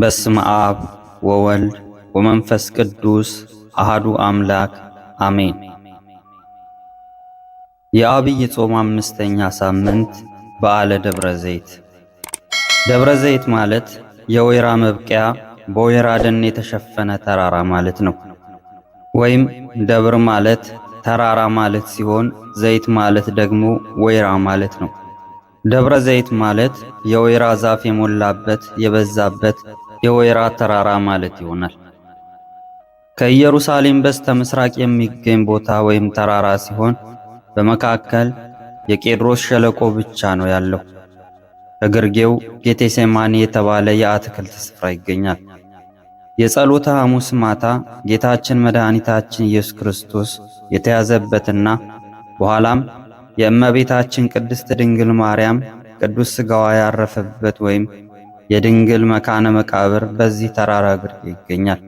በስም አብ ወወልድ ወመንፈስ ቅዱስ አሃዱ አምላክ አሜን። የአብይ ጾም አምስተኛ ሳምንት በዓለ ደብረ ዘይት። ደብረ ዘይት ማለት የወይራ መብቂያ በወይራ ደን የተሸፈነ ተራራ ማለት ነው። ወይም ደብር ማለት ተራራ ማለት ሲሆን ዘይት ማለት ደግሞ ወይራ ማለት ነው። ደብረ ዘይት ማለት የወይራ ዛፍ የሞላበት የበዛበት የወይራ ተራራ ማለት ይሆናል። ከኢየሩሳሌም በስተ ምስራቅ የሚገኝ ቦታ ወይም ተራራ ሲሆን በመካከል የቄድሮስ ሸለቆ ብቻ ነው ያለው። ከግርጌው ጌቴሴማኒ የተባለ የአትክልት ስፍራ ይገኛል። የጸሎተ ሐሙስ ማታ ጌታችን መድኃኒታችን ኢየሱስ ክርስቶስ የተያዘበትና በኋላም የእመቤታችን ቅድስት ድንግል ማርያም ቅዱስ ሥጋዋ ያረፈበት ወይም የድንግል መካነ መቃብር በዚህ ተራራ ግርጌ ይገኛል።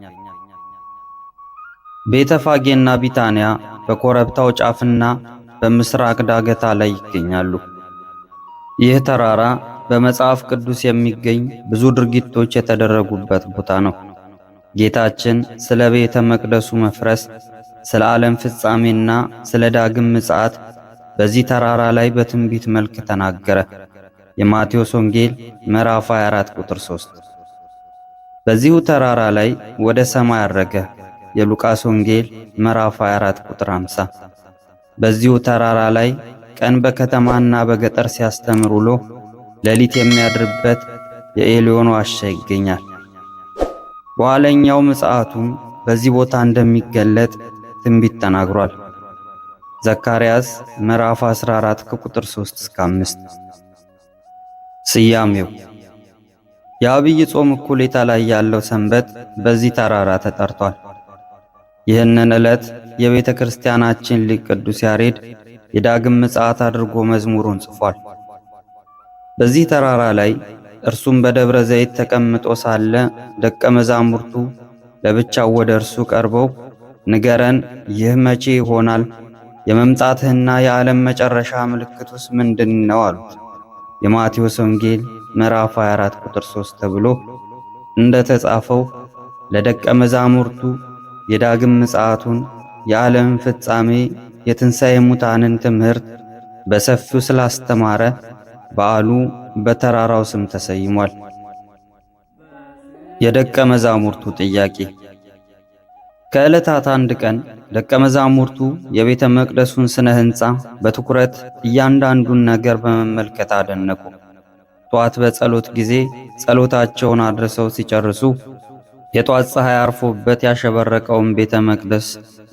ቤተ ፋጌና ቢታንያ በኮረብታው ጫፍና በምስራቅ ዳገታ ላይ ይገኛሉ። ይህ ተራራ በመጽሐፍ ቅዱስ የሚገኝ ብዙ ድርጊቶች የተደረጉበት ቦታ ነው። ጌታችን ስለ ቤተ መቅደሱ መፍረስ፣ ስለ ዓለም ፍጻሜና ስለ ዳግም ምጽአት በዚህ ተራራ ላይ በትንቢት መልክ ተናገረ። የማቴዎስ ወንጌል ምዕራፍ 24 ቁጥር 3። በዚሁ ተራራ ላይ ወደ ሰማይ አረገ። የሉቃስ ወንጌል ምዕራፍ 24 ቁጥር 50። በዚሁ ተራራ ላይ ቀን በከተማና በገጠር ሲያስተምር ውሎ ሌሊት የሚያድርበት የኤሊዮን ዋሻ ይገኛል። በኋለኛው ምጽአቱም በዚህ ቦታ እንደሚገለጥ ትንቢት ተናግሯል። ዘካርያስ ምዕራፍ 14 ከቁጥር 3 እስከ 5። ስያሜው የአብይ ጾም እኩሌታ ላይ ያለው ሰንበት በዚህ ተራራ ተጠርቷል። ይህንን ዕለት የቤተ ክርስቲያናችን ሊቅ ቅዱስ ያሬድ የዳግም ምጽአት አድርጎ መዝሙሩን ጽፏል። በዚህ ተራራ ላይ እርሱም በደብረ ዘይት ተቀምጦ ሳለ ደቀ መዛሙርቱ ለብቻው ወደ እርሱ ቀርበው ንገረን፣ ይህ መቼ ይሆናል የመምጣትህና የዓለም መጨረሻ ምልክቱስ ምንድን ነው አሉት። የማቴዎስ ወንጌል ምዕራፍ 24 ቁጥር 3 ተብሎ እንደ ተጻፈው ለደቀ መዛሙርቱ የዳግም ምጽአቱን፣ የዓለም ፍጻሜ፣ የትንሣኤ ሙታንን ትምህርት በሰፊው ስላስተማረ በዓሉ በተራራው ስም ተሰይሟል። የደቀ መዛሙርቱ ጥያቄ ከዕለታት አንድ ቀን ደቀ መዛሙርቱ የቤተ መቅደሱን ስነ ሕንፃ በትኩረት እያንዳንዱን ነገር በመመልከት አደነቁ። ጠዋት በጸሎት ጊዜ ጸሎታቸውን አድርሰው ሲጨርሱ የጧት ፀሐይ አርፎበት ያሸበረቀውን ቤተ መቅደስ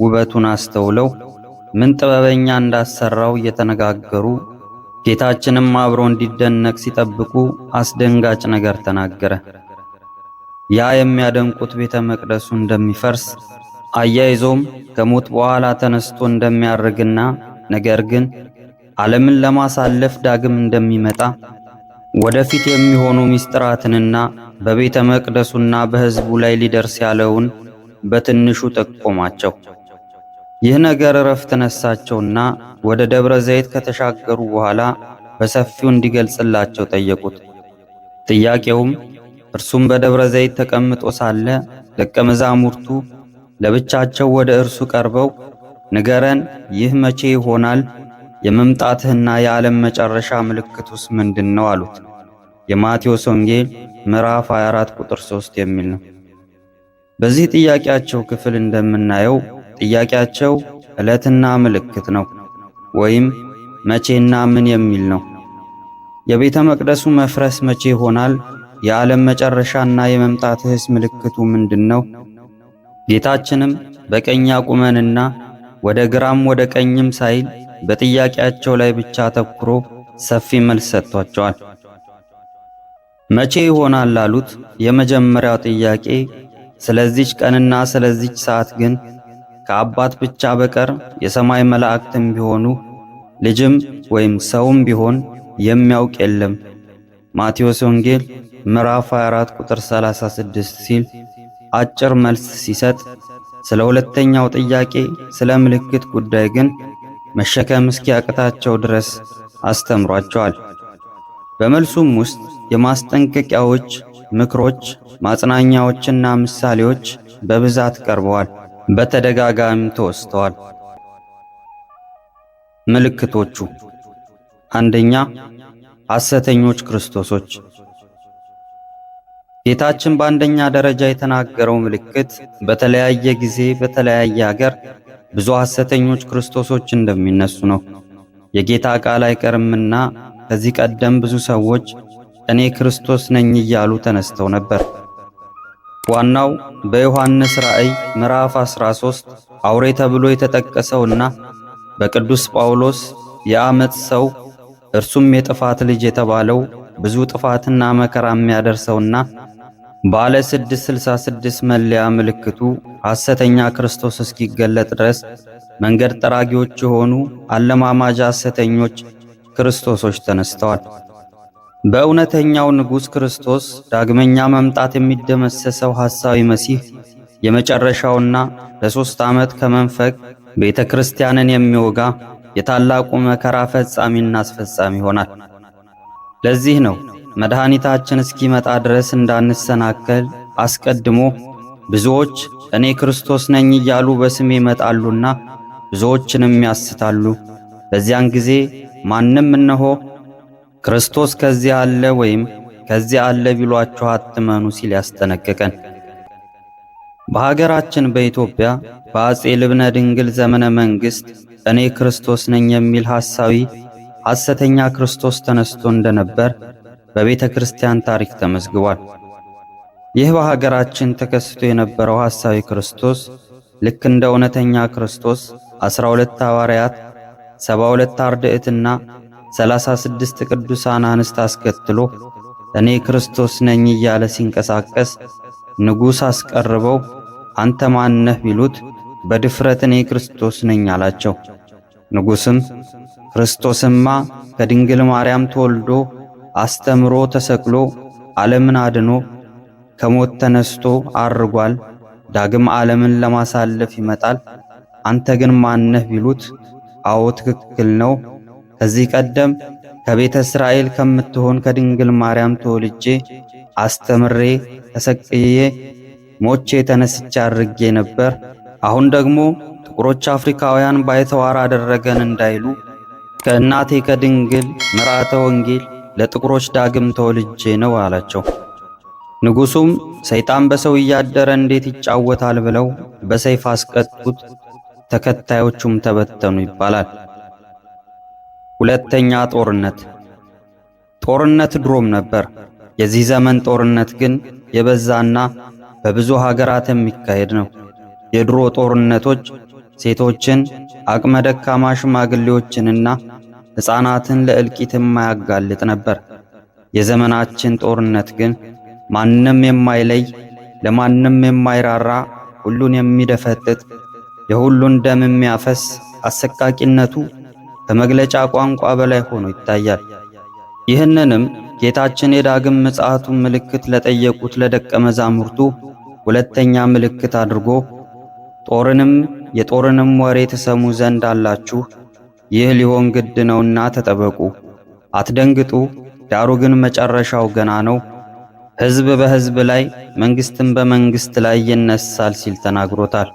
ውበቱን አስተውለው ምን ጥበበኛ እንዳሰራው እየተነጋገሩ ጌታችንም አብሮ እንዲደነቅ ሲጠብቁ አስደንጋጭ ነገር ተናገረ። ያ የሚያደንቁት ቤተ መቅደሱ እንደሚፈርስ አያይዞም ከሞት በኋላ ተነስቶ እንደሚያርግና ነገር ግን ዓለምን ለማሳለፍ ዳግም እንደሚመጣ ወደፊት የሚሆኑ ምስጢራትንና በቤተ መቅደሱና በሕዝቡ ላይ ሊደርስ ያለውን በትንሹ ጠቆማቸው። ይህ ነገር እረፍት ነሳቸውና ወደ ደብረ ዘይት ከተሻገሩ በኋላ በሰፊው እንዲገልጽላቸው ጠየቁት። ጥያቄውም እርሱም በደብረ ዘይት ተቀምጦ ሳለ ደቀ መዛሙርቱ ለብቻቸው ወደ እርሱ ቀርበው ንገረን፣ ይህ መቼ ይሆናል? የመምጣትህና የዓለም መጨረሻ ምልክቱስ ምንድን ነው? አሉት። የማቴዎስ ወንጌል ምዕራፍ 24 ቁጥር 3 የሚል ነው። በዚህ ጥያቄያቸው ክፍል እንደምናየው ጥያቄያቸው ዕለትና ምልክት ነው ወይም መቼና ምን የሚል ነው። የቤተ መቅደሱ መፍረስ መቼ ይሆናል? የዓለም መጨረሻና የመምጣትህስ ምልክቱ ምንድን ነው? ጌታችንም በቀኝ አቁመንና ወደ ግራም ወደ ቀኝም ሳይል በጥያቄያቸው ላይ ብቻ አተኩሮ ሰፊ መልስ ሰጥቷቸዋል። መቼ ይሆናል ላሉት የመጀመሪያው ጥያቄ ስለዚች ቀንና ስለዚች ሰዓት ግን ከአባት ብቻ በቀር የሰማይ መላእክትም ቢሆኑ ልጅም ወይም ሰውም ቢሆን የሚያውቅ የለም ማቴዎስ ወንጌል ምዕራፍ 24 ቁጥር 36 ሲል አጭር መልስ ሲሰጥ፣ ስለ ሁለተኛው ጥያቄ ስለ ምልክት ጉዳይ ግን መሸከም እስኪያቅታቸው ድረስ አስተምሯቸዋል። በመልሱም ውስጥ የማስጠንቀቂያዎች፣ ምክሮች፣ ማጽናኛዎችና ምሳሌዎች በብዛት ቀርበዋል፣ በተደጋጋሚ ተወስተዋል። ምልክቶቹ አንደኛ ሐሰተኞች ክርስቶሶች ጌታችን በአንደኛ ደረጃ የተናገረው ምልክት በተለያየ ጊዜ በተለያየ አገር ብዙ ሐሰተኞች ክርስቶሶች እንደሚነሱ ነው። የጌታ ቃል አይቀርምና ከዚህ ቀደም ብዙ ሰዎች እኔ ክርስቶስ ነኝ እያሉ ተነስተው ነበር። ዋናው በዮሐንስ ራእይ ምዕራፍ 13 አውሬ ተብሎ የተጠቀሰውና በቅዱስ ጳውሎስ የአመፅ ሰው እርሱም የጥፋት ልጅ የተባለው ብዙ ጥፋትና መከራ የሚያደርሰውና ባለ 666 መለያ ምልክቱ ሐሰተኛ ክርስቶስ እስኪገለጥ ድረስ መንገድ ጠራጊዎች የሆኑ አለማማጃ ሐሰተኞች ክርስቶሶች ተነስተዋል። በእውነተኛው ንጉሥ ክርስቶስ ዳግመኛ መምጣት የሚደመሰሰው ሐሳዊ መሲህ የመጨረሻውና ለሦስት ዓመት ከመንፈቅ ቤተ ክርስቲያንን የሚወጋ የታላቁ መከራ ፈጻሚና አስፈጻሚ ይሆናል። ለዚህ ነው መድኃኒታችን እስኪመጣ ድረስ እንዳንሰናከል አስቀድሞ ብዙዎች እኔ ክርስቶስ ነኝ እያሉ በስሜ ይመጣሉና ብዙዎችንም ያስታሉ። በዚያን ጊዜ ማንም እነሆ ክርስቶስ ከዚህ አለ ወይም ከዚህ አለ ቢሏችሁ አትመኑ ሲል ያስጠነቀቀን። በሀገራችን በኢትዮጵያ በአፄ ልብነ ድንግል ዘመነ መንግሥት እኔ ክርስቶስ ነኝ የሚል ሐሳዊ ሐሰተኛ ክርስቶስ ተነስቶ እንደነበር በቤተ ክርስቲያን ታሪክ ተመዝግቧል። ይህ በሀገራችን ተከስቶ የነበረው ሐሳዊ ክርስቶስ ልክ እንደ እውነተኛ ክርስቶስ 12 ሐዋርያት፣ 72 አርድዕትና 36 ቅዱሳን አንስት አስከትሎ እኔ ክርስቶስ ነኝ እያለ ሲንቀሳቀስ ንጉሥ አስቀርበው አንተ ማን ነህ ቢሉት በድፍረት እኔ ክርስቶስ ነኝ አላቸው። ንጉሥም ክርስቶስማ ከድንግል ማርያም ተወልዶ አስተምሮ ተሰቅሎ ዓለምን አድኖ ከሞት ተነስቶ አርጓል። ዳግም ዓለምን ለማሳለፍ ይመጣል። አንተ ግን ማነህ ቢሉት፣ አዎ ትክክል ነው። ከዚህ ቀደም ከቤተ እስራኤል ከምትሆን ከድንግል ማርያም ተወልጄ አስተምሬ ተሰቅዬ ሞቼ ተነስቼ አድርጌ ነበር። አሁን ደግሞ ጥቁሮች አፍሪካውያን ባይተዋር አደረገን እንዳይሉ ከእናቴ ከድንግል ምርአተ ወንጌል ለጥቁሮች ዳግም ተወልጄ ነው አላቸው። ንጉሱም ሰይጣን በሰው እያደረ እንዴት ይጫወታል ብለው በሰይፍ አስቀጡት። ተከታዮቹም ተበተኑ ይባላል። ሁለተኛ ጦርነት። ጦርነት ድሮም ነበር። የዚህ ዘመን ጦርነት ግን የበዛና በብዙ ሀገራት የሚካሄድ ነው። የድሮ ጦርነቶች ሴቶችን፣ አቅመ ደካማ ሽማግሌዎችንና ሕፃናትን ለእልቂት የማያጋልጥ ነበር። የዘመናችን ጦርነት ግን ማንም የማይለይ ለማንም የማይራራ ሁሉን የሚደፈጥጥ የሁሉን ደም የሚያፈስ አሰቃቂነቱ ከመግለጫ ቋንቋ በላይ ሆኖ ይታያል። ይህንንም ጌታችን የዳግም ምጽአቱን ምልክት ለጠየቁት ለደቀ መዛሙርቱ ሁለተኛ ምልክት አድርጎ ጦርንም የጦርንም ወሬ ትሰሙ ዘንድ አላችሁ። ይህ ሊሆን ግድ ነውና ተጠበቁ፣ አትደንግጡ። ዳሩ ግን መጨረሻው ገና ነው። ሕዝብ በሕዝብ ላይ መንግሥትም በመንግሥት ላይ ይነሳል ሲል ተናግሮታል።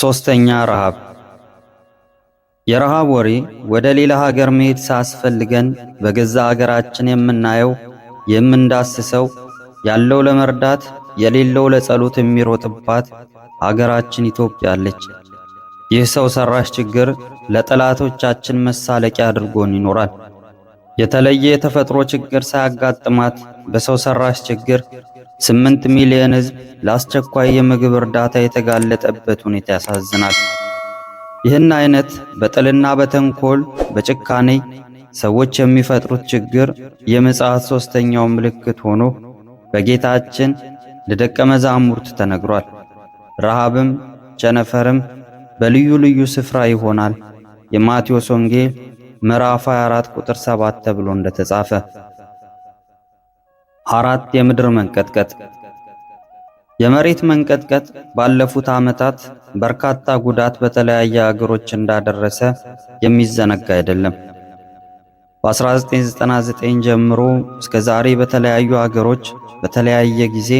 ሦስተኛ ረሃብ። የረሃብ ወሬ ወደ ሌላ ሀገር መሄድ ሳያስፈልገን በገዛ ሀገራችን የምናየው የምንዳስሰው ያለው ለመርዳት የሌለው ለጸሎት የሚሮጥባት አገራችን ኢትዮጵያ አለች። ይህ ሰው ሰራሽ ችግር ለጠላቶቻችን መሳለቂያ አድርጎን ይኖራል። የተለየ የተፈጥሮ ችግር ሳያጋጥማት በሰው ሰራሽ ችግር ስምንት ሚሊዮን ህዝብ ለአስቸኳይ የምግብ እርዳታ የተጋለጠበት ሁኔታ ያሳዝናል። ይህን አይነት በጥልና በተንኮል በጭካኔ ሰዎች የሚፈጥሩት ችግር የምጽአት ሦስተኛው ምልክት ሆኖ በጌታችን ለደቀ መዛሙርት ተነግሯል። ረሃብም ቸነፈርም በልዩ ልዩ ስፍራ ይሆናል። የማቴዎስ ወንጌል ምዕራፍ 24 ቁጥር 7 ተብሎ እንደተጻፈ። አራት የምድር መንቀጥቀጥ የመሬት መንቀጥቀጥ ባለፉት ዓመታት በርካታ ጉዳት በተለያየ አገሮች እንዳደረሰ የሚዘነጋ አይደለም። በ1999 ጀምሮ እስከ ዛሬ በተለያዩ አገሮች በተለያየ ጊዜ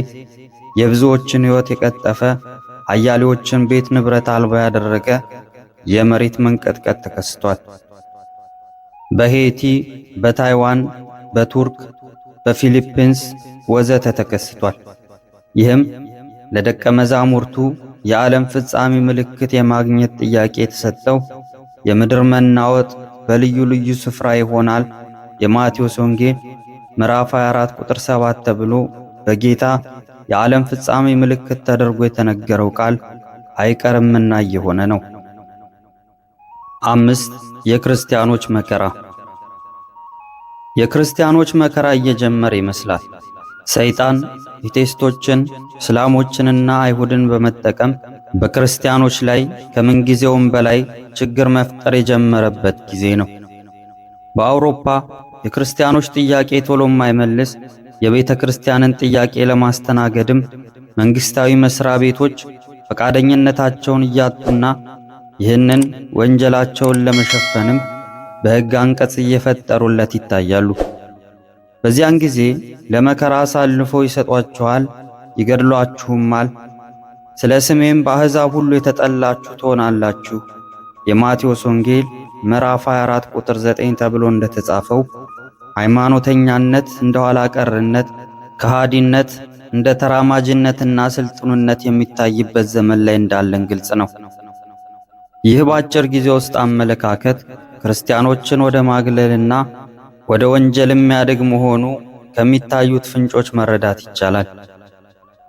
የብዙዎችን ሕይወት የቀጠፈ አያሌዎችን ቤት ንብረት አልባ ያደረገ የመሬት መንቀጥቀጥ ተከስቷል። በሄቲ፣ በታይዋን፣ በቱርክ፣ በፊሊፒንስ ወዘተ ተከስቷል። ይህም ለደቀ መዛሙርቱ የዓለም ፍጻሜ ምልክት የማግኘት ጥያቄ የተሰጠው የምድር መናወጥ በልዩ ልዩ ስፍራ ይሆናል። የማቴዎስ ወንጌል ምዕራፍ 24 ቁጥር 7 ተብሎ በጌታ የዓለም ፍጻሜ ምልክት ተደርጎ የተነገረው ቃል አይቀርምና እየሆነ ነው። አምስት የክርስቲያኖች መከራ። የክርስቲያኖች መከራ እየጀመረ ይመስላል። ሰይጣን ቴስቶችን እስላሞችንና አይሁድን በመጠቀም በክርስቲያኖች ላይ ከምንጊዜውም በላይ ችግር መፍጠር የጀመረበት ጊዜ ነው። በአውሮፓ የክርስቲያኖች ጥያቄ ቶሎ የማይመልስ የቤተ ክርስቲያንን ጥያቄ ለማስተናገድም መንግስታዊ መስሪያ ቤቶች ፈቃደኝነታቸውን እያጡና ይህንን ወንጀላቸውን ለመሸፈንም በሕግ አንቀጽ እየፈጠሩለት ይታያሉ። በዚያን ጊዜ ለመከራ አሳልፈው ይሰጧችኋል፣ ይገድሏችሁማል ስለ ስሜም በአሕዛብ ሁሉ የተጠላችሁ ትሆናላችሁ። የማቴዎስ ወንጌል ምዕራፍ 24 ቁጥር 9 ተብሎ እንደተጻፈው ሃይማኖተኛነት እንደ ኋላ ቀርነት፣ ከሃዲነት እንደ ተራማጅነትና ስልጡንነት የሚታይበት ዘመን ላይ እንዳለን ግልጽ ነው። ይህ በአጭር ጊዜ ውስጥ አመለካከት ክርስቲያኖችን ወደ ማግለልና ወደ ወንጀል የሚያድግ መሆኑ ከሚታዩት ፍንጮች መረዳት ይቻላል።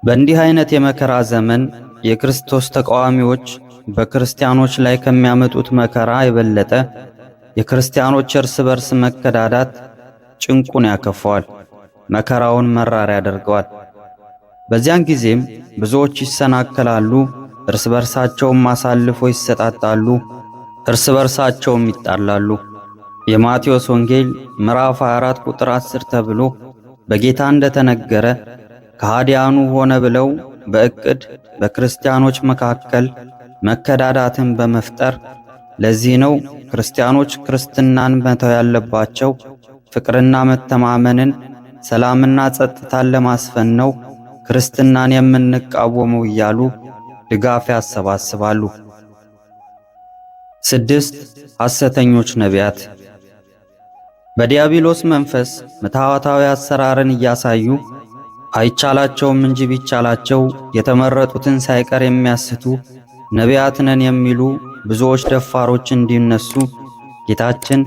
በእንዲህ አይነት የመከራ ዘመን የክርስቶስ ተቃዋሚዎች በክርስቲያኖች ላይ ከሚያመጡት መከራ የበለጠ የክርስቲያኖች እርስ በርስ መከዳዳት ጭንቁን ያከፈዋል፣ መከራውን መራር ያደርገዋል። በዚያን ጊዜም ብዙዎች ይሰናከላሉ፣ እርስ በርሳቸውም አሳልፎ ይሰጣጣሉ፣ እርስ በርሳቸውም ይጣላሉ። የማቴዎስ ወንጌል ምዕራፍ 24 ቁጥር 10 ተብሎ በጌታ እንደተነገረ ከሃዲያኑ ሆነ ብለው በእቅድ በክርስቲያኖች መካከል መከዳዳትን በመፍጠር ለዚህ ነው ክርስቲያኖች ክርስትናን መተው ያለባቸው ፍቅርና መተማመንን ሰላምና ጸጥታን ለማስፈን ነው ክርስትናን የምንቃወመው እያሉ ድጋፍ ያሰባስባሉ። ስድስት ሐሰተኞች ነቢያት በዲያብሎስ መንፈስ ምትሃታዊ አሰራርን እያሳዩ አይቻላቸውም እንጂ ቢቻላቸው የተመረጡትን ሳይቀር የሚያስቱ ነቢያት ነን የሚሉ ብዙዎች ደፋሮች እንዲነሱ ጌታችን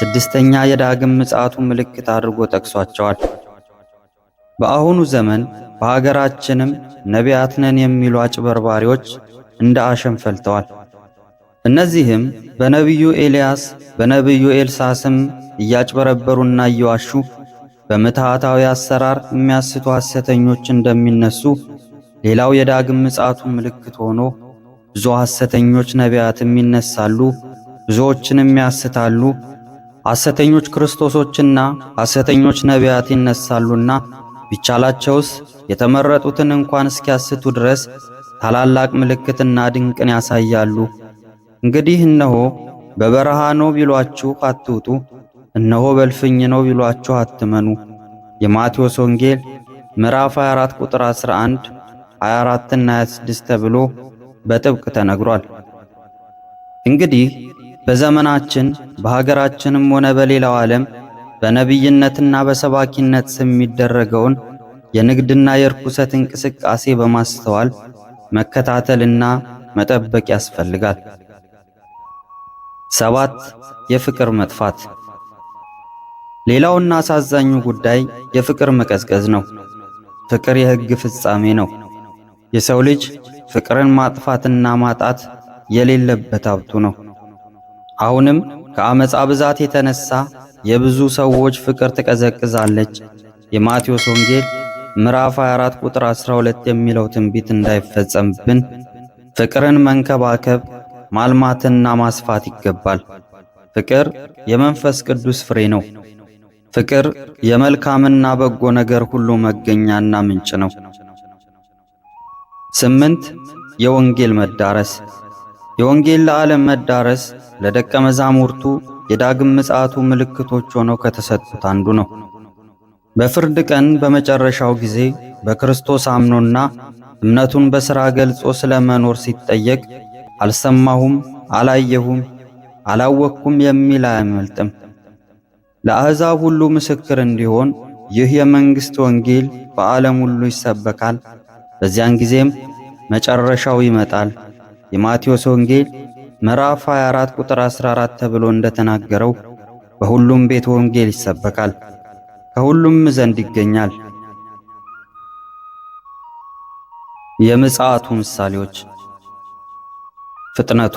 ስድስተኛ የዳግም ምጽአቱ ምልክት አድርጎ ጠቅሷቸዋል። በአሁኑ ዘመን በሀገራችንም ነቢያት ነን የሚሉ አጭበርባሪዎች እንደ አሸን ፈልተዋል። እነዚህም በነቢዩ ኤልያስ በነቢዩ ኤልሳ ስም እያጭበረበሩና እየዋሹ በምትሃታዊ አሰራር የሚያስቱ ሐሰተኞች እንደሚነሱ ሌላው የዳግም ምጻቱ ምልክት ሆኖ ብዙ ሐሰተኞች ነቢያትም ይነሳሉ፣ ብዙዎችንም ያስታሉ። ሐሰተኞች ክርስቶሶችና ሐሰተኞች ነቢያት ይነሳሉና ቢቻላቸውስ የተመረጡትን እንኳን እስኪያስቱ ድረስ ታላላቅ ምልክትና ድንቅን ያሳያሉ። እንግዲህ እነሆ በበረሃ ነው ቢሏችሁ አትውጡ እነሆ በልፍኝ ነው ቢሏችሁ አትመኑ። የማቴዎስ ወንጌል ምዕራፍ 24 ቁጥር 11፣ 24 እና 26 ተብሎ በጥብቅ ተነግሯል። እንግዲህ በዘመናችን በሀገራችንም ሆነ በሌላው ዓለም በነቢይነትና በሰባኪነት ስም የሚደረገውን የንግድና የርኩሰት እንቅስቃሴ በማስተዋል መከታተልና መጠበቅ ያስፈልጋል። ሰባት የፍቅር መጥፋት ሌላውና አሳዛኙ ጉዳይ የፍቅር መቀዝቀዝ ነው። ፍቅር የሕግ ፍጻሜ ነው። የሰው ልጅ ፍቅርን ማጥፋትና ማጣት የሌለበት ሀብቱ ነው። አሁንም ከአመፃ ብዛት የተነሳ የብዙ ሰዎች ፍቅር ትቀዘቅዛለች። የማቴዎስ ወንጌል ምዕራፍ 24 ቁጥር 12 የሚለው ትንቢት እንዳይፈጸምብን ፍቅርን መንከባከብ ማልማትና ማስፋት ይገባል። ፍቅር የመንፈስ ቅዱስ ፍሬ ነው። ፍቅር የመልካምና በጎ ነገር ሁሉ መገኛና ምንጭ ነው። ስምንት የወንጌል መዳረስ የወንጌል ለዓለም መዳረስ ለደቀ መዛሙርቱ የዳግም ምጽአቱ ምልክቶች ሆነው ከተሰጡት አንዱ ነው። በፍርድ ቀን በመጨረሻው ጊዜ በክርስቶስ አምኖና እምነቱን በሥራ ገልጾ ስለ መኖር ሲጠየቅ አልሰማሁም፣ አላየሁም፣ አላወቅኩም የሚል አያመልጥም። ለአሕዛብ ሁሉ ምስክር እንዲሆን ይህ የመንግሥት ወንጌል በዓለም ሁሉ ይሰበካል፣ በዚያን ጊዜም መጨረሻው ይመጣል። የማቴዎስ ወንጌል ምዕራፍ 24 ቁጥር 14 ተብሎ እንደተናገረው በሁሉም ቤት ወንጌል ይሰበካል፣ ከሁሉም ዘንድ ይገኛል። የምጽአቱ ምሳሌዎች ፍጥነቱ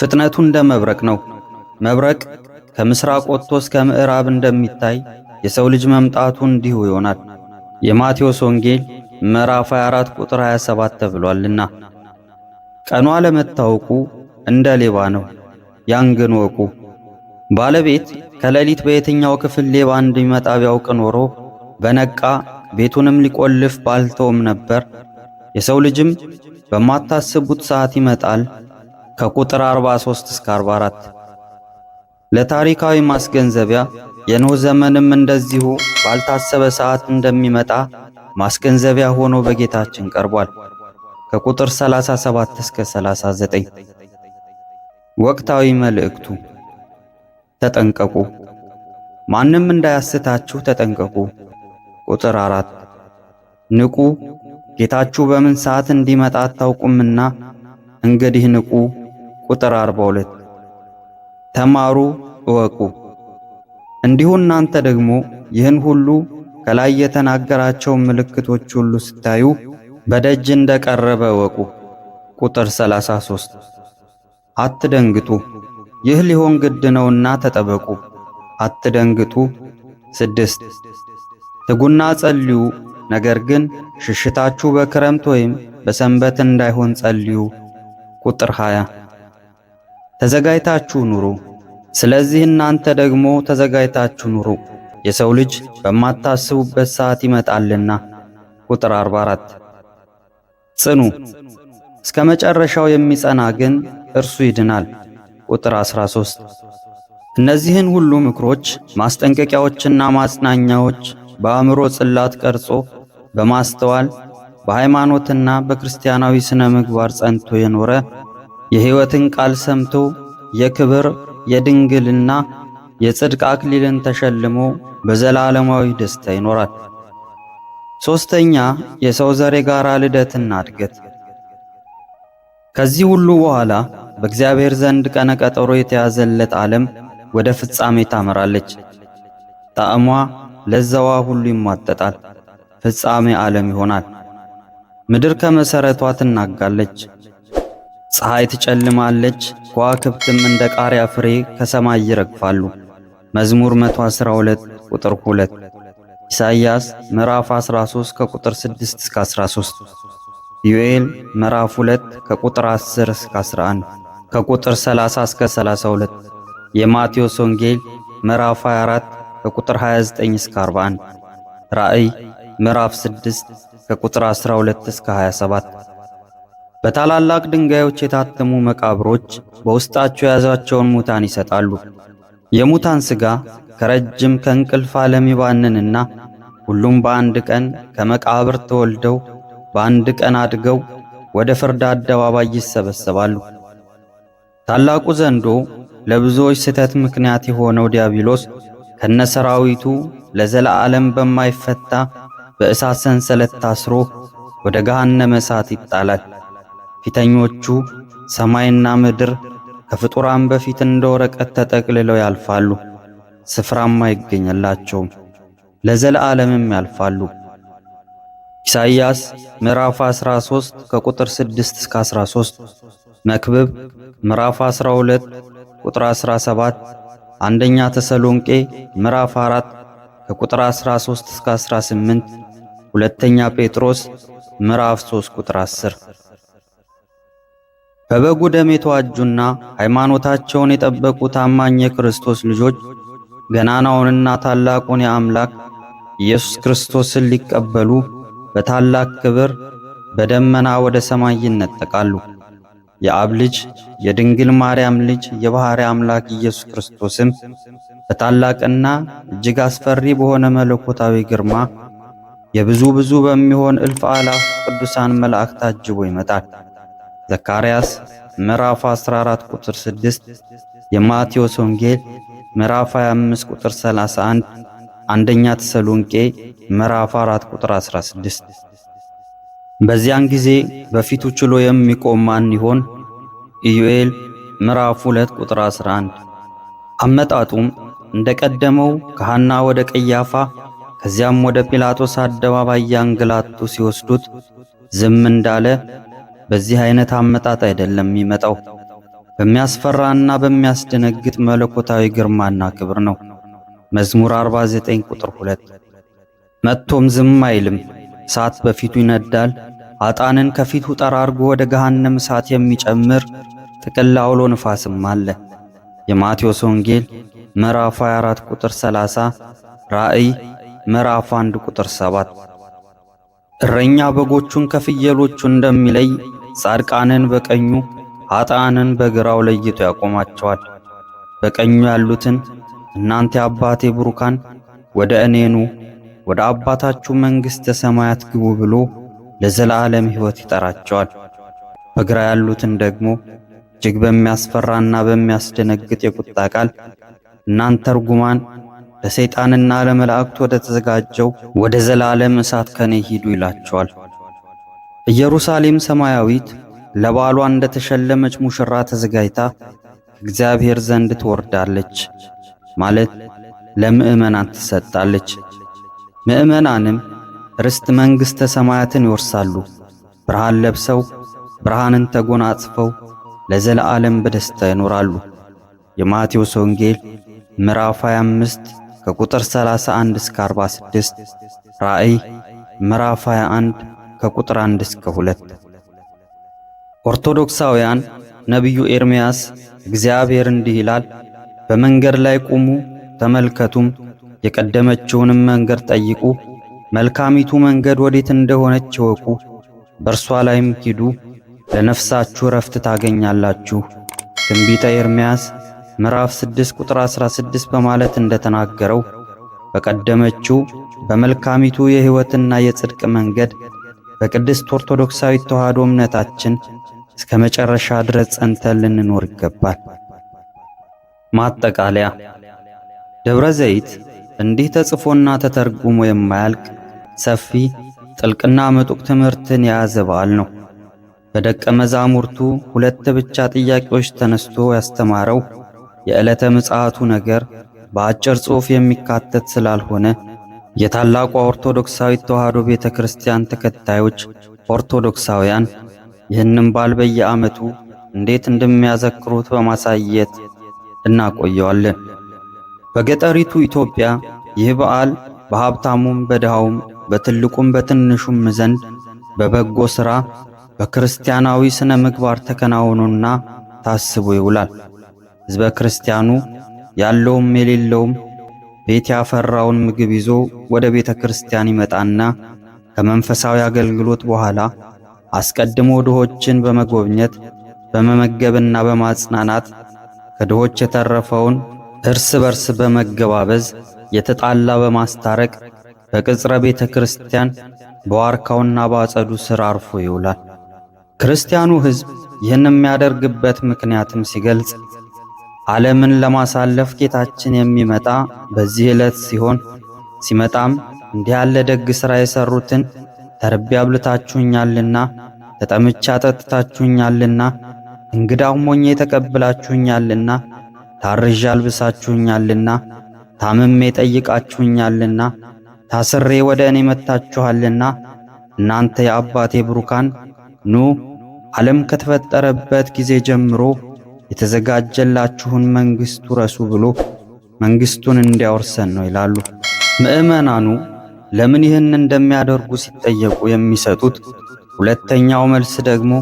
ፍጥነቱ እንደ መብረቅ ነው። መብረቅ ከምስራቅ ወጥቶ እስከ ምዕራብ እንደሚታይ የሰው ልጅ መምጣቱ እንዲሁ ይሆናል። የማቴዎስ ወንጌል ምዕራፍ 24 ቁጥር 27 ተብሏልና ቀኗ አለመታወቁ እንደ ሌባ ነው። ያን ግን ወቁ። ባለቤት ከሌሊት በየትኛው ክፍል ሌባ እንደሚመጣ ቢያውቅ ኖሮ በነቃ ቤቱንም ሊቆልፍ ባልተውም ነበር። የሰው ልጅም በማታስቡት ሰዓት ይመጣል። ከቁጥር 43 እስከ 44 ለታሪካዊ ማስገንዘቢያ የኖህ ዘመንም እንደዚሁ ባልታሰበ ሰዓት እንደሚመጣ ማስገንዘቢያ ሆኖ በጌታችን ቀርቧል። ከቁጥር 37 እስከ 39 ወቅታዊ መልእክቱ ተጠንቀቁ፣ ማንም እንዳያስታችሁ ተጠንቀቁ። ቁጥር 4 ንቁ፣ ጌታችሁ በምን ሰዓት እንዲመጣ አታውቁምና እንግዲህ ንቁ። ቁጥር 42 ተማሩ፣ እወቁ። እንዲሁ እናንተ ደግሞ ይህን ሁሉ ከላይ የተናገራቸው ምልክቶች ሁሉ ስታዩ በደጅ እንደቀረበ እወቁ። ቁጥር 33 አትደንግጡ፣ ይህ ሊሆን ግድ ነውና ተጠበቁ። አትደንግጡ። ስድስት ትጉና ጸልዩ፣ ነገር ግን ሽሽታችሁ በክረምት ወይም በሰንበት እንዳይሆን ጸልዩ። ቁጥር 20 ተዘጋጅታችሁ ኑሩ። ስለዚህ እናንተ ደግሞ ተዘጋጅታችሁ ኑሩ፣ የሰው ልጅ በማታስቡበት ሰዓት ይመጣልና። ቁጥር 44 ጽኑ፣ እስከ መጨረሻው የሚጸና ግን እርሱ ይድናል። ቁጥር 13 እነዚህን ሁሉ ምክሮች፣ ማስጠንቀቂያዎችና ማጽናኛዎች በአእምሮ ጽላት ቀርጾ በማስተዋል በሃይማኖትና በክርስቲያናዊ ስነ ምግባር ጸንቶ የኖረ የሕይወትን ቃል ሰምቶ የክብር የድንግልና የጽድቅ አክሊልን ተሸልሞ በዘላለማዊ ደስታ ይኖራል። ሦስተኛ የሰው ዘር የጋራ ልደትና እድገት። ከዚህ ሁሉ በኋላ በእግዚአብሔር ዘንድ ቀነ ቀጠሮ የተያዘለት ዓለም ወደ ፍጻሜ ታመራለች። ጣዕሟ፣ ለዛዋ ሁሉ ይሟጠጣል። ፍጻሜ ዓለም ይሆናል። ምድር ከመሠረቷ ትናጋለች። ፀሐይ ትጨልማለች፣ ከዋክብትም እንደ ቃሪያ ፍሬ ከሰማይ ይረግፋሉ። መዝሙር 112 ቁጥር 2 ኢሳይያስ ምዕራፍ 13 ከቁጥር 6 እስከ 13 ዩኤል ምዕራፍ 2 ከቁጥር 10 እስከ 11 ከቁጥር 30 እስከ 32 የማቴዎስ ወንጌል ምዕራፍ 24 ከቁጥር 29 እስከ 41 ራእይ ምዕራፍ 6 ከቁጥር 12 እስከ 27 በታላላቅ ድንጋዮች የታተሙ መቃብሮች በውስጣቸው የያዛቸውን ሙታን ይሰጣሉ። የሙታን ሥጋ ከረጅም ከእንቅልፍ ዓለም ይባንንና ሁሉም በአንድ ቀን ከመቃብር ተወልደው በአንድ ቀን አድገው ወደ ፍርድ አደባባይ ይሰበሰባሉ። ታላቁ ዘንዶ ለብዙዎች ስህተት ምክንያት የሆነው ዲያብሎስ ከነሰራዊቱ ለዘላዓለም በማይፈታ በእሳት ሰንሰለት ታስሮ ወደ ገሃነመ እሳት ይጣላል። ፊተኞቹ ሰማይና ምድር ከፍጡራን በፊት እንደ ወረቀት ተጠቅልለው ያልፋሉ፣ ስፍራም አይገኝላቸውም፣ ለዘለዓለምም ያልፋሉ። ኢሳይያስ ምዕራፍ 13 ከቁጥር 6 እስከ 13፣ መክብብ ምዕራፍ 12 ቁጥር 17፣ አንደኛ ተሰሎንቄ ምዕራፍ 4 ከቁጥር 13 እስከ 18፣ ሁለተኛ ጴጥሮስ ምዕራፍ 3 ቁጥር 10 በበጉ ደም የተዋጁና ሃይማኖታቸውን የጠበቁ ታማኝ የክርስቶስ ልጆች ገናናውንና ታላቁን የአምላክ ኢየሱስ ክርስቶስን ሊቀበሉ በታላቅ ክብር በደመና ወደ ሰማይ ይነጠቃሉ። የአብ ልጅ የድንግል ማርያም ልጅ የባሕርይ አምላክ ኢየሱስ ክርስቶስም በታላቅና እጅግ አስፈሪ በሆነ መለኮታዊ ግርማ የብዙ ብዙ በሚሆን እልፍ አላፍ ቅዱሳን መላእክት ታጅቦ ይመጣል። ዘካርያስ ምዕራፍ 14 ቁጥር 6፣ የማቴዎስ ወንጌል ምዕራፍ 25 ቁጥር 31፣ አንደኛ ተሰሎንቄ ምዕራፍ 4 ቁጥር 16። በዚያን ጊዜ በፊቱ ችሎ የሚቆም ማን ይሆን? ኢዩኤል ምዕራፍ 2 ቁጥር 11። አመጣጡም እንደቀደመው ከሐና ወደ ቀያፋ ከዚያም ወደ ጲላጦስ አደባባይ ያንገላቱ ሲወስዱት ዝም እንዳለ በዚህ አይነት አመጣጥ አይደለም የሚመጣው። በሚያስፈራና በሚያስደነግጥ መለኮታዊ ግርማና ክብር ነው። መዝሙር 49 ቁጥር 2 መጥቶም ዝም አይልም። እሳት በፊቱ ይነዳል። አጣንን ከፊቱ ጠራርጎ ወደ ገሃነም እሳት የሚጨምር ጥቅል አውሎ ንፋስም አለ። የማቴዎስ ወንጌል ምዕራፍ 24 ቁጥር 30፣ ራእይ ምዕራፍ 1 ቁጥር 7 እረኛ በጎቹን ከፍየሎቹ እንደሚለይ ጻድቃንን በቀኙ ኃጥአንን በግራው ለይቶ ያቆማቸዋል። በቀኙ ያሉትን እናንተ አባቴ ብሩካን ወደ እኔኑ ወደ አባታችሁ መንግሥተ ሰማያት ግቡ ብሎ ለዘላለም ሕይወት ይጠራቸዋል። በግራ ያሉትን ደግሞ እጅግ በሚያስፈራና በሚያስደነግጥ የቁጣ ቃል እናንተ ርጉማን ለሰይጣንና ለመላእክት ወደ ተዘጋጀው ወደ ዘላለም እሳት ከኔ ሂዱ ይላቸዋል። ኢየሩሳሌም ሰማያዊት ለባሏ እንደ ተሸለመች ሙሽራ ተዘጋጅታ እግዚአብሔር ዘንድ ትወርዳለች ማለት ለምእመናን ትሰጣለች። ምእመናንም ርስት መንግሥተ ሰማያትን ይወርሳሉ። ብርሃን ለብሰው ብርሃንን ተጎናጽፈው ለዘለዓለም በደስታ ይኖራሉ። የማቴዎስ ወንጌል ምዕራፍ 25 ከቁጥር 31 እስከ 46፣ ራእይ ምዕራፍ 21 ከቁጥር 1 እስከ 2 ኦርቶዶክሳውያን ነቢዩ ኤርምያስ እግዚአብሔር እንዲህ ይላል፣ በመንገድ ላይ ቁሙ ተመልከቱም፣ የቀደመችውንም መንገድ ጠይቁ፣ መልካሚቱ መንገድ ወዴት እንደሆነች እወቁ፣ በእርሷ ላይም ሂዱ፣ ለነፍሳችሁ ረፍት ታገኛላችሁ። ትንቢተ ኤርምያስ ምዕራፍ 6 ቁጥር 16 በማለት እንደተናገረው በቀደመችው በመልካሚቱ የሕይወትና የጽድቅ መንገድ በቅድስት ኦርቶዶክሳዊት ተዋሕዶ እምነታችን እስከ መጨረሻ ድረስ ጸንተን ልንኖር ይገባል። ማጠቃለያ ደብረ ዘይት እንዲህ ተጽፎና ተተርጉሞ የማያልቅ ሰፊ ጥልቅና ምጡቅ ትምህርትን የያዘ በዓል ነው። በደቀ መዛሙርቱ ሁለት ብቻ ጥያቄዎች ተነስቶ ያስተማረው የዕለተ ምጽአቱ ነገር በአጭር ጽሑፍ የሚካተት ስላልሆነ የታላቁ ኦርቶዶክሳዊት ተዋሕዶ ቤተ ክርስቲያን ተከታዮች ኦርቶዶክሳውያን ይህንም በዓል በየዓመቱ እንዴት እንደሚያዘክሩት በማሳየት እናቆየዋለን። በገጠሪቱ ኢትዮጵያ ይህ በዓል በሀብታሙም በድሃውም በትልቁም በትንሹም ዘንድ በበጎ ሥራ በክርስቲያናዊ ሥነ ምግባር ተከናውኖና ታስቦ ይውላል። ሕዝበ ክርስቲያኑ ያለውም የሌለውም ቤት ያፈራውን ምግብ ይዞ ወደ ቤተ ክርስቲያን ይመጣና ከመንፈሳዊ አገልግሎት በኋላ አስቀድሞ ድሆችን በመጎብኘት በመመገብና በማጽናናት ከድሆች የተረፈውን እርስ በርስ በመገባበዝ የተጣላ በማስታረቅ በቅጽረ ቤተ ክርስቲያን በዋርካውና ባጸዱ ስር አርፎ ይውላል። ክርስቲያኑ ሕዝብ ይህን የሚያደርግበት ምክንያትም ሲገልጽ ዓለምን ለማሳለፍ ጌታችን የሚመጣ በዚህ ዕለት ሲሆን ሲመጣም እንዲህ ያለ ደግ ሥራ የሠሩትን ተርቤ አብልታችሁኛልና፣ ተጠምቼ አጠጥታችሁኛልና፣ እንግዳ ሆኜ ተቀብላችሁኛልና፣ ታርዤ አልብሳችሁኛልና፣ ታምሜ ጠይቃችሁኛልና፣ ታስሬ ወደ እኔ መጥታችኋልና፣ እናንተ የአባቴ ብሩካን ኑ ዓለም ከተፈጠረበት ጊዜ ጀምሮ የተዘጋጀላችሁን መንግስቱ ውረሱ ብሎ መንግስቱን እንዲያወርሰን ነው ይላሉ። ምዕመናኑ ለምን ይህን እንደሚያደርጉ ሲጠየቁ የሚሰጡት ሁለተኛው መልስ ደግሞ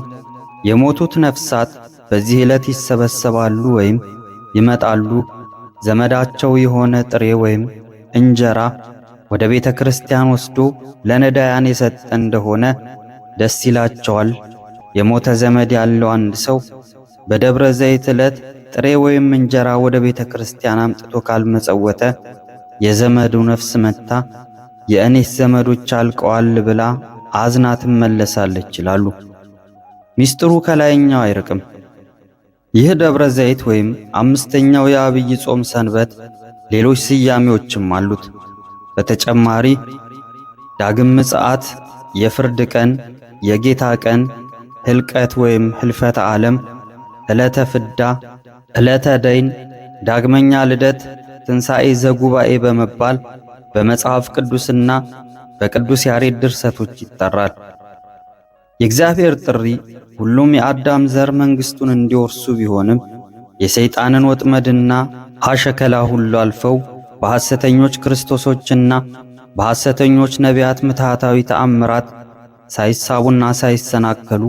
የሞቱት ነፍሳት በዚህ ዕለት ይሰበሰባሉ ወይም ይመጣሉ። ዘመዳቸው የሆነ ጥሬ ወይም እንጀራ ወደ ቤተ ክርስቲያን ወስዶ ለነዳያን የሰጠ እንደሆነ ደስ ይላቸዋል። የሞተ ዘመድ ያለው አንድ ሰው በደብረ ዘይት ዕለት ጥሬ ወይም እንጀራ ወደ ቤተ ክርስቲያን አምጥቶ ካልመጸወተ የዘመዱ ነፍስ መታ የእኔስ ዘመዶች አልቀዋል ብላ አዝና ትመለሳለች ይላሉ። ሚስጥሩ ከላይኛው አይርቅም። ይህ ደብረ ዘይት ወይም አምስተኛው የአብይ ጾም ሰንበት ሌሎች ስያሜዎችም አሉት። በተጨማሪ ዳግም ምጽአት፣ የፍርድ ቀን፣ የጌታ ቀን፣ ህልቀት ወይም ህልፈተ ዓለም ዕለተ ፍዳ፣ ዕለተ ደይን፣ ዳግመኛ ልደት፣ ትንሣኤ ዘጉባኤ በመባል በመጽሐፍ ቅዱስና በቅዱስ ያሬድ ድርሰቶች ይጠራል። የእግዚአብሔር ጥሪ ሁሉም የአዳም ዘር መንግሥቱን እንዲወርሱ ቢሆንም የሰይጣንን ወጥመድና አሸከላ ሁሉ አልፈው በሐሰተኞች ክርስቶሶችና በሐሰተኞች ነቢያት ምትሃታዊ ተአምራት ሳይሳቡና ሳይሰናከሉ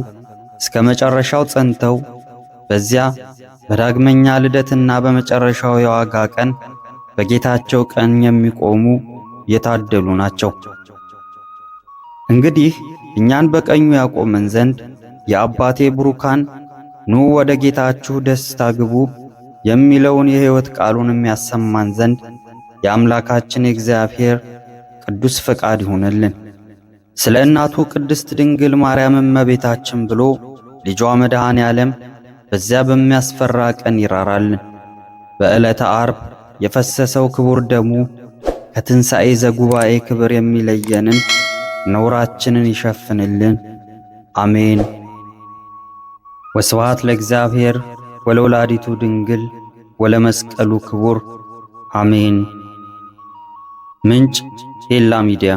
እስከ መጨረሻው ጸንተው በዚያ በዳግመኛ ልደትና በመጨረሻው የዋጋ ቀን በጌታቸው ቀን የሚቆሙ የታደሉ ናቸው። እንግዲህ እኛን በቀኙ ያቆመን ዘንድ የአባቴ ብሩካን ኑ ወደ ጌታችሁ ደስታ ግቡ የሚለውን የሕይወት ቃሉን የሚያሰማን ዘንድ የአምላካችን የእግዚአብሔር ቅዱስ ፈቃድ ይሁንልን። ስለ እናቱ ቅድስት ድንግል ማርያም እመቤታችን ብሎ ልጇ መድኃኔ ዓለም በዚያ በሚያስፈራ ቀን ይራራል። በዕለተ አርብ የፈሰሰው ክቡር ደሙ ከትንሣኤ ዘጉባኤ ክብር የሚለየንን ነውራችንን ይሸፍንልን። አሜን። ወስብሐት ለእግዚአብሔር ወለወላዲቱ ድንግል ወለመስቀሉ ክቡር አሜን። ምንጭ ሄላ ሚዲያ